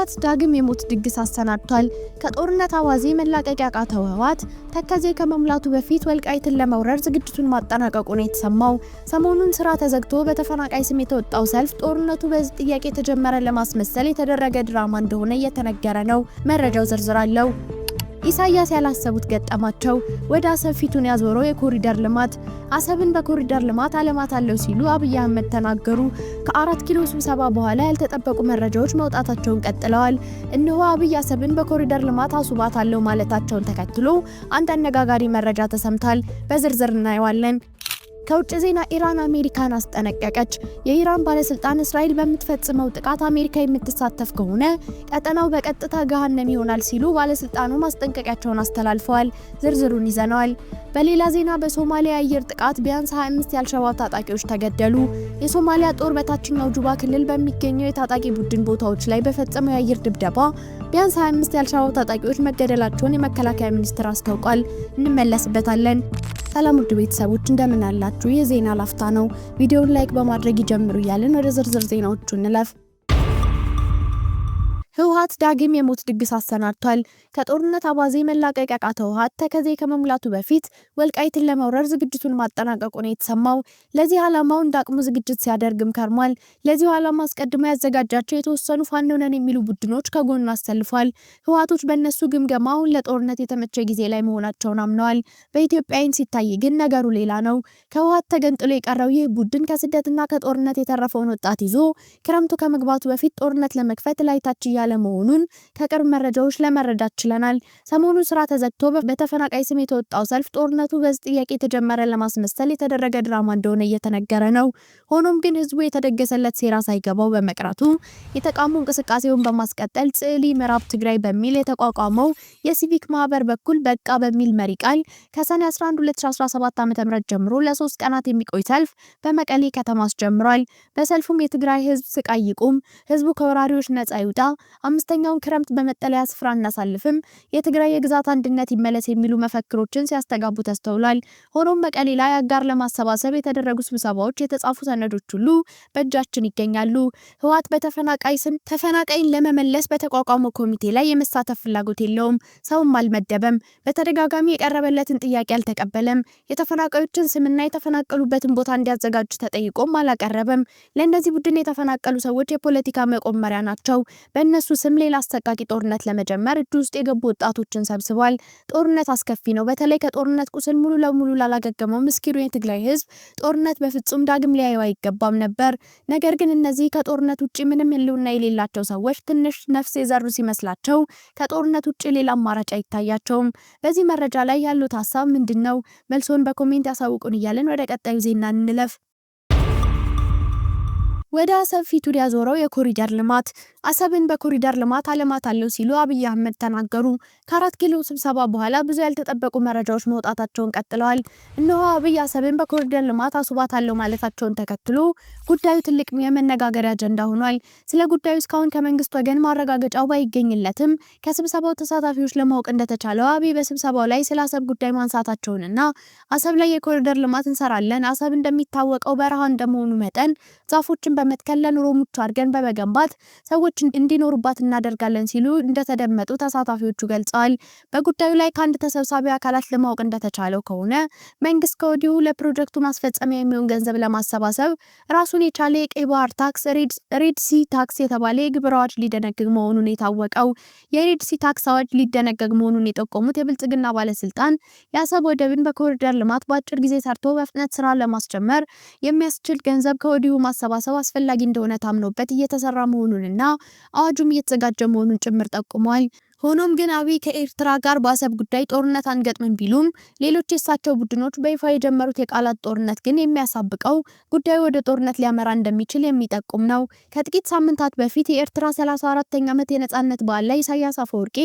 ህወሓት ዳግም የሞት ድግስ አሰናድቷል። ከጦርነት አዋዜ መላቀቅ ያቃተው ህወሓት ተከዜ ከመሙላቱ በፊት ወልቃይትን ለመውረር ዝግጅቱን ማጠናቀቁ ነው የተሰማው። ሰሞኑን ስራ ተዘግቶ በተፈናቃይ ስም የተወጣው ሰልፍ ጦርነቱ በህዝብ ጥያቄ የተጀመረ ለማስመሰል የተደረገ ድራማ እንደሆነ እየተነገረ ነው። መረጃው ዝርዝር አለው። ኢሳያስ ያላሰቡት ገጠማቸው። ወደ አሰብ ፊቱን ያዞረው የኮሪደር ልማት አሰብን በኮሪደር ልማት አለማት አለው ሲሉ አብይ አህመድ ተናገሩ። ከአራት ኪሎ ስብሰባ በኋላ ያልተጠበቁ መረጃዎች መውጣታቸውን ቀጥለዋል። እነሆ አብይ አሰብን በኮሪደር ልማት አሱባት አለው ማለታቸውን ተከትሎ አንድ አነጋጋሪ መረጃ ተሰምቷል። በዝርዝር እናየዋለን። ከውጭ ዜና ኢራን አሜሪካን አስጠነቀቀች። የኢራን ባለስልጣን እስራኤል በምትፈጽመው ጥቃት አሜሪካ የምትሳተፍ ከሆነ ቀጠናው በቀጥታ ገሃነም ይሆናል ሲሉ ባለስልጣኑ ማስጠንቀቂያቸውን አስተላልፈዋል። ዝርዝሩን ይዘነዋል። በሌላ ዜና በሶማሊያ አየር ጥቃት ቢያንስ 25 የአልሸባብ ታጣቂዎች ተገደሉ። የሶማሊያ ጦር በታችኛው ጁባ ክልል በሚገኘው የታጣቂ ቡድን ቦታዎች ላይ በፈጸመው የአየር ድብደባ ቢያንስ 25 የአልሸባብ ታጣቂዎች መገደላቸውን የመከላከያ ሚኒስቴር አስታውቋል። እንመለስበታለን። ሰላም ውድ ቤተሰቦች እንደምን አላችሁ? የዜና ላፍታ ነው። ቪዲዮውን ላይክ በማድረግ ይጀምሩ እያልን ወደ ዝርዝር ዜናዎቹ እንለፍ። ህወሀት ዳግም የሞት ድግስ አሰናድቷል። ከጦርነት አባዜ መላቀቅ ያቃተው ህወሀት ተከዜ ከመሙላቱ በፊት ወልቃይትን ለመውረር ዝግጅቱን ማጠናቀቁ ነው የተሰማው። ለዚህ ዓላማው እንደ አቅሙ ዝግጅት ሲያደርግም ከርሟል። ለዚሁ ዓላማ አስቀድሞ ያዘጋጃቸው የተወሰኑ ፋኖ የሚሉ ቡድኖች ከጎኑ አሰልፏል። ህወሀቶች በእነሱ ግምገማ አሁን ለጦርነት የተመቸ ጊዜ ላይ መሆናቸውን አምነዋል። በኢትዮጵያ ሲታይ ግን ነገሩ ሌላ ነው። ከህወሀት ተገንጥሎ የቀረው ይህ ቡድን ከስደትና ከጦርነት የተረፈውን ወጣት ይዞ ክረምቱ ከመግባቱ በፊት ጦርነት ለመክፈት ላይ እያለ አለመሆኑን ከቅርብ መረጃዎች ለመረዳት ችለናል። ሰሞኑን ስራ ተዘግቶ በተፈናቃይ ስም የተወጣው ሰልፍ ጦርነቱ በዚህ ጥያቄ የተጀመረ ለማስመሰል የተደረገ ድራማ እንደሆነ እየተነገረ ነው። ሆኖም ግን ህዝቡ የተደገሰለት ሴራ ሳይገባው በመቅረቱ የተቃውሞ እንቅስቃሴውን በማስቀጠል ጽዕሊ ምዕራብ ትግራይ በሚል የተቋቋመው የሲቪክ ማህበር በኩል በቃ በሚል መሪ ቃል ከሰኔ 11 2017 ዓ.ም ጀምሮ ለሶስት ቀናት የሚቆይ ሰልፍ በመቀሌ ከተማ አስጀምሯል። በሰልፉም የትግራይ ህዝብ ስቃይ ይቁም፣ ህዝቡ ከወራሪዎች ነጻ ይውጣ፣ አምስተኛውን ክረምት በመጠለያ ስፍራ እናሳልፍም፣ የትግራይ የግዛት አንድነት ይመለስ የሚሉ መፈክሮችን ሲያስተጋቡ ተስተውሏል። ሆኖም መቀሌ ላይ አጋር ለማሰባሰብ የተደረጉ ስብሰባዎች የተጻፉ ሰነዶች ሁሉ በእጃችን ይገኛሉ። ህወሓት በተፈናቃይ ስም ተፈናቃይን ለመመለስ በተቋቋመው ኮሚቴ ላይ የመሳተፍ ፍላጎት የለውም። ሰውም አልመደበም። በተደጋጋሚ የቀረበለትን ጥያቄ አልተቀበለም። የተፈናቃዮችን ስምና የተፈናቀሉበትን ቦታ እንዲያዘጋጅ ተጠይቆም አላቀረበም። ለእነዚህ ቡድን የተፈናቀሉ ሰዎች የፖለቲካ መቆመሪያ ናቸው። በእነ በእነሱ ስም ሌላ አሰቃቂ ጦርነት ለመጀመር እጅ ውስጥ የገቡ ወጣቶችን ሰብስቧል። ጦርነት አስከፊ ነው። በተለይ ከጦርነት ቁስል ሙሉ ለሙሉ ላላገገመው ምስኪኑ የትግራይ ህዝብ ጦርነት በፍጹም ዳግም ሊያየው አይገባም ነበር። ነገር ግን እነዚህ ከጦርነት ውጭ ምንም ህልውና የሌላቸው ሰዎች ትንሽ ነፍስ የዘሩ ሲመስላቸው ከጦርነት ውጭ ሌላ አማራጭ አይታያቸውም። በዚህ መረጃ ላይ ያሉት ሀሳብ ምንድን ነው? መልሶን በኮሜንት ያሳውቁን እያለን ወደ ቀጣዩ ዜና እንለፍ። ወደ አሰብ ፊቱን ያዞረው የኮሪደር ልማት። አሰብን በኮሪደር ልማት አለማታለሁ ሲሉ አብይ አህመድ ተናገሩ። ከአራት ኪሎ ስብሰባ በኋላ ብዙ ያልተጠበቁ መረጃዎች መውጣታቸውን ቀጥለዋል። እነሆ አብይ አሰብን በኮሪደር ልማት አስውባታለሁ ማለታቸውን ተከትሎ ጉዳዩ ትልቅ የመነጋገሪያ አጀንዳ ሆኗል። ስለ ጉዳዩ እስካሁን ከመንግስት ወገን ማረጋገጫው ባይገኝለትም ከስብሰባው ተሳታፊዎች ለማወቅ እንደተቻለው አብይ በስብሰባው ላይ ስለ አሰብ ጉዳይ ማንሳታቸውንና አሰብ ላይ የኮሪደር ልማት እንሰራለን፣ አሰብ እንደሚታወቀው በረሃ እንደመሆኑ መጠን ዛፎችን በመትከል ለኑሮ ምቹ አድርገን በመገንባት ሰዎች እንዲኖሩባት እናደርጋለን ሲሉ እንደተደመጡ ተሳታፊዎቹ ገልጸዋል። በጉዳዩ ላይ ከአንድ ተሰብሳቢ አካላት ለማወቅ እንደተቻለው ከሆነ መንግስት ከወዲሁ ለፕሮጀክቱ ማስፈጸሚያ የሚሆን ገንዘብ ለማሰባሰብ ራሱን የቻለ የቀይ ባህር ታክስ ሬድሲ ታክስ የተባለ የግብር አዋጅ ሊደነግግ መሆኑን የታወቀው የሬድሲ ታክስ አዋጅ ሊደነገግ መሆኑን የጠቆሙት የብልጽግና ባለስልጣን የአሰብ ወደብን በኮሪደር ልማት በአጭር ጊዜ ሰርቶ በፍጥነት ስራ ለማስጀመር የሚያስችል ገንዘብ ከወዲሁ ማሰባሰብ አስፈላጊ እንደሆነ ታምኖበት እየተሰራ መሆኑንና አዋጁም እየተዘጋጀ መሆኑን ጭምር ጠቁሟል። ሆኖም ግን አብይ ከኤርትራ ጋር በአሰብ ጉዳይ ጦርነት አንገጥምም ቢሉም ሌሎች የእሳቸው ቡድኖች በይፋ የጀመሩት የቃላት ጦርነት ግን የሚያሳብቀው ጉዳዩ ወደ ጦርነት ሊያመራ እንደሚችል የሚጠቁም ነው። ከጥቂት ሳምንታት በፊት የኤርትራ 34ኛ ዓመት የነጻነት በዓል ላይ ኢሳያስ አፈወርቂ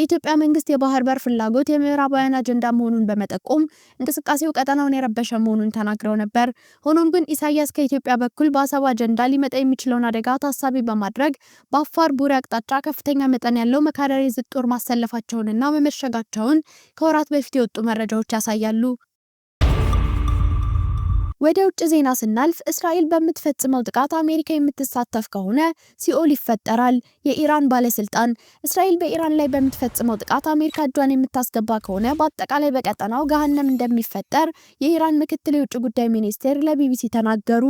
የኢትዮጵያ መንግስት የባህር በር ፍላጎት የምዕራባውያን አጀንዳ መሆኑን በመጠቆም እንቅስቃሴው ቀጠናውን የረበሸ መሆኑን ተናግረው ነበር። ሆኖም ግን ኢሳያስ ከኢትዮጵያ በኩል በአሰብ አጀንዳ ሊመጣ የሚችለውን አደጋ ታሳቢ በማድረግ በአፋር ቡሬ አቅጣጫ ከፍተኛ መጠን ያለው መካረሪ ጦር ማሰለፋቸውንና መመሸጋቸውን ከወራት በፊት የወጡ መረጃዎች ያሳያሉ። ወደ ውጭ ዜና ስናልፍ እስራኤል በምትፈጽመው ጥቃት አሜሪካ የምትሳተፍ ከሆነ ሲኦል ይፈጠራል። የኢራን ባለስልጣን እስራኤል በኢራን ላይ በምትፈጽመው ጥቃት አሜሪካ እጇን የምታስገባ ከሆነ በአጠቃላይ በቀጠናው ገሃነም እንደሚፈጠር የኢራን ምክትል የውጭ ጉዳይ ሚኒስቴር ለቢቢሲ ተናገሩ።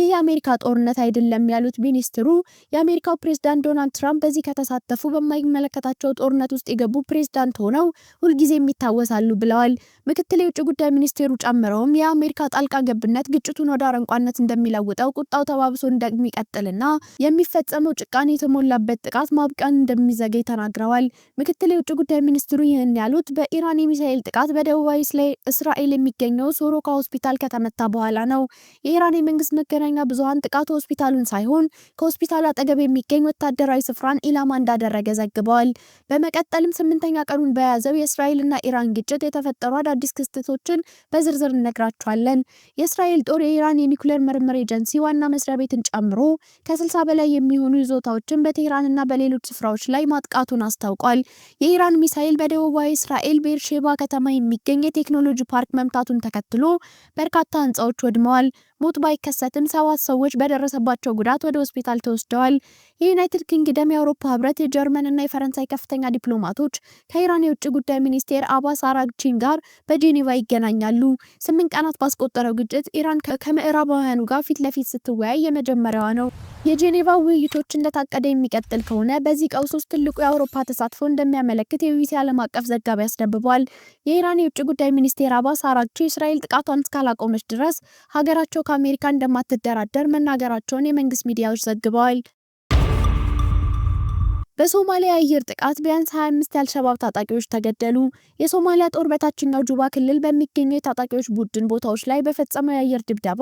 ይህ የአሜሪካ ጦርነት አይደለም ያሉት ሚኒስትሩ የአሜሪካው ፕሬዝዳንት ዶናልድ ትራምፕ በዚህ ከተሳተፉ በማይመለከታቸው ጦርነት ውስጥ የገቡ ፕሬዝዳንት ሆነው ሁልጊዜም ይታወሳሉ ብለዋል። ምክትል የውጭ ጉዳይ ሚኒስቴሩ ጨምረውም የአሜሪካ ጣልቃ ገብ አልባነት ግጭቱን ወደ አረንቋነት እንደሚለውጠው ቁጣው ተባብሶ እንደሚቀጥልና የሚፈጸመው ጭቃን የተሞላበት ጥቃት ማብቂያን እንደሚዘገይ ተናግረዋል። ምክትል የውጭ ጉዳይ ሚኒስትሩ ይህን ያሉት በኢራን የሚሳኤል ጥቃት በደቡባዊ እስራኤል የሚገኘው ሶሮካ ሆስፒታል ከተመታ በኋላ ነው። የኢራን የመንግስት መገናኛ ብዙሀን ጥቃቱ ሆስፒታሉን ሳይሆን ከሆስፒታሉ አጠገብ የሚገኝ ወታደራዊ ስፍራን ኢላማ እንዳደረገ ዘግበዋል። በመቀጠልም ስምንተኛ ቀኑን በያዘው የእስራኤልና ኢራን ግጭት የተፈጠሩ አዳዲስ ክስተቶችን በዝርዝር እነግራቸዋለን። የእስራኤል ጦር የኢራን የኒኩሌር ምርምር ኤጀንሲ ዋና መስሪያ ቤትን ጨምሮ ከ60 በላይ የሚሆኑ ይዞታዎችን በቴህራንና በሌሎች ስፍራዎች ላይ ማጥቃቱን አስታውቋል። የኢራን ሚሳኤል በደቡባዊ እስራኤል ቤርሼባ ከተማ የሚገኝ የቴክኖሎጂ ፓርክ መምታቱን ተከትሎ በርካታ ህንፃዎች ወድመዋል። ሞት ባይከሰትም ሰባት ሰዎች በደረሰባቸው ጉዳት ወደ ሆስፒታል ተወስደዋል። የዩናይትድ ኪንግደም፣ የአውሮፓ ህብረት፣ የጀርመንና የፈረንሳይ ከፍተኛ ዲፕሎማቶች ከኢራን የውጭ ጉዳይ ሚኒስቴር አባስ አራግቺን ጋር በጄኔቫ ይገናኛሉ። ስምንት ቀናት ባስቆጠረው ግጭት ኢራን ከምዕራባውያኑ ጋር ፊት ለፊት ስትወያይ የመጀመሪያዋ ነው። የጄኔቫ ውይይቶች እንደታቀደ የሚቀጥል ከሆነ በዚህ ቀውስ ውስጥ ትልቁ የአውሮፓ ተሳትፎ እንደሚያመለክት የዩሲ ዓለም አቀፍ ዘጋቢ አስነብቧል። የኢራን የውጭ ጉዳይ ሚኒስቴር አባስ አራግቺ እስራኤል ጥቃቷን እስካላቆመች ድረስ ሀገራቸው ከአሜሪካ እንደማትደራደር መናገራቸውን የመንግስት ሚዲያዎች ዘግበዋል። በሶማሊያ አየር ጥቃት ቢያንስ 25 የአልሸባብ ታጣቂዎች ተገደሉ። የሶማሊያ ጦር በታችኛው ጁባ ክልል በሚገኙ የታጣቂዎች ቡድን ቦታዎች ላይ በፈጸመው የአየር ድብደባ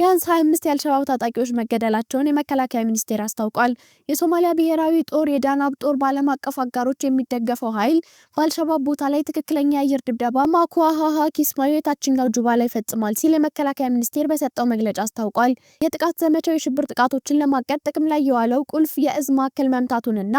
ቢያንስ 25 የአልሸባብ ታጣቂዎች መገደላቸውን የመከላከያ ሚኒስቴር አስታውቋል። የሶማሊያ ብሔራዊ ጦር የዳናብ ጦር በዓለም አቀፍ አጋሮች የሚደገፈው ኃይል በአልሸባብ ቦታ ላይ ትክክለኛ የአየር ድብደባ ማኩሃሃ ኪስማዮ የታችኛው ጁባ ላይ ፈጽሟል ሲል የመከላከያ ሚኒስቴር በሰጠው መግለጫ አስታውቋል። የጥቃት ዘመቻው የሽብር ጥቃቶችን ለማቀድ ጥቅም ላይ የዋለው ቁልፍ የእዝ ማዕከል መምታቱንና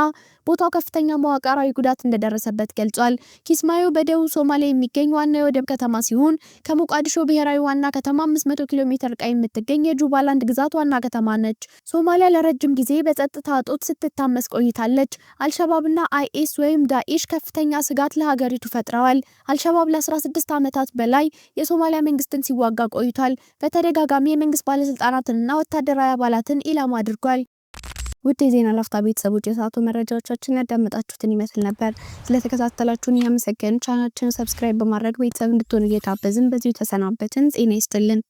ቦታው ከፍተኛ መዋቅራዊ ጉዳት እንደደረሰበት ገልጿል። ኪስማዮ በደቡብ ሶማሊያ የሚገኝ ዋና የወደብ ከተማ ሲሆን ከሞቃዲሾ ብሔራዊ ዋና ከተማ 500 ኪሎ ሜትር ርቃ የምትገኝ የጁባላንድ ግዛት ዋና ከተማ ነች። ሶማሊያ ለረጅም ጊዜ በጸጥታ እጦት ስትታመስ ቆይታለች። አልሸባብና አይኤስ ወይም ዳኤሽ ከፍተኛ ስጋት ለሀገሪቱ ፈጥረዋል። አልሸባብ ለ16 ዓመታት በላይ የሶማሊያ መንግስትን ሲዋጋ ቆይቷል። በተደጋጋሚ የመንግስት ባለስልጣናትንና ወታደራዊ አባላትን ኢላማ አድርጓል። ውድ የዜና ላፍታ ቤተሰቦች የሰዓቱ መረጃዎቻችን ያዳመጣችሁትን ይመስል ነበር። ስለተከታተላችሁን እያመሰገን ቻናችን ሰብስክራይብ በማድረግ ቤተሰብ እንድትሆኑ እየታበዝን በዚሁ ተሰናበትን። ጤና ይስጥልን።